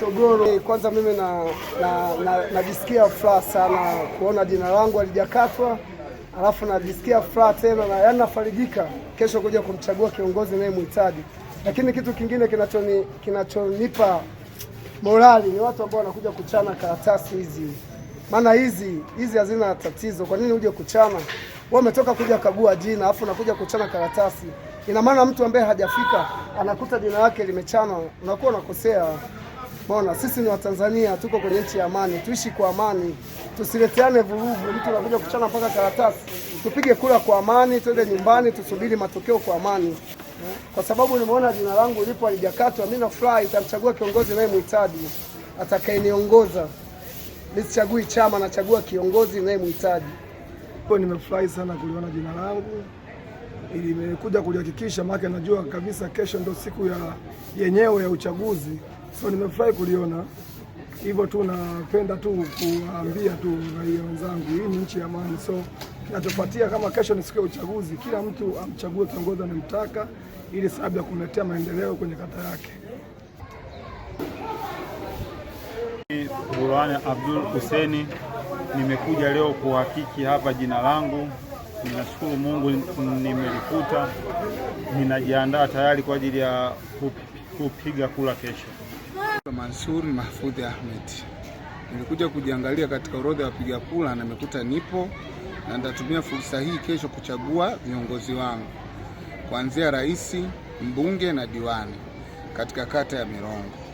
Togoro. Eh, kwanza mimi najisikia na, na, na furaha sana kuona jina langu alijakatwa, alafu najisikia furaha tena na yani nafarijika kesho kuja kumchagua kiongozi naye muhitaji. Lakini kitu kingine kinachoni, kinachonipa morali ni watu ambao wanakuja kuchana karatasi hizi, maana hizi hizi hazina tatizo. Kwa nini uje kuchana? Wewe umetoka kuja kagua jina alafu unakuja kuchana karatasi, ina maana mtu ambaye hajafika anakuta jina lake limechanwa, unakuwa unakosea. Mbona sisi ni Watanzania, tuko kwenye nchi ya amani, tuishi kwa amani, tusileteane vurugu. Mtu anakuja kuchana mpaka karatasi. Tupige kura kwa amani, twende nyumbani, tusubiri matokeo kwa amani, kwa sababu nimeona jina langu lipo halijakatwa. Mimi nafurahi, nitamchagua kiongozi naye mhitaji atakayeniongoza. Nisichagui chama, nachagua kiongozi nayemhitaji. Kwa nimefurahi sana kuliona jina langu ili nimekuja kulihakikisha, maana najua kabisa kesho ndio siku ya yenyewe ya uchaguzi so nimefurahi kuliona hivyo tu. Napenda tu kuwaambia tu raia wenzangu, hii ni nchi ya amani, so kinachofuatia kama kesho ni siku ya uchaguzi, kila mtu amchague kiongozi anamtaka, ili sababu ya kumletea maendeleo kwenye kata yake. Burhani Abdul Huseni, nimekuja leo kuhakiki hapa jina langu. Ninashukuru Mungu nimelikuta. Ninajiandaa tayari kwa ajili ya kupiga kura kesho. Mansur Mahfoudhi Ahmed. Nilikuja kujiangalia katika orodha ya wapiga kura na nimekuta nipo na nitatumia fursa hii kesho kuchagua viongozi wangu kuanzia rais, mbunge na diwani katika kata ya Mirongo.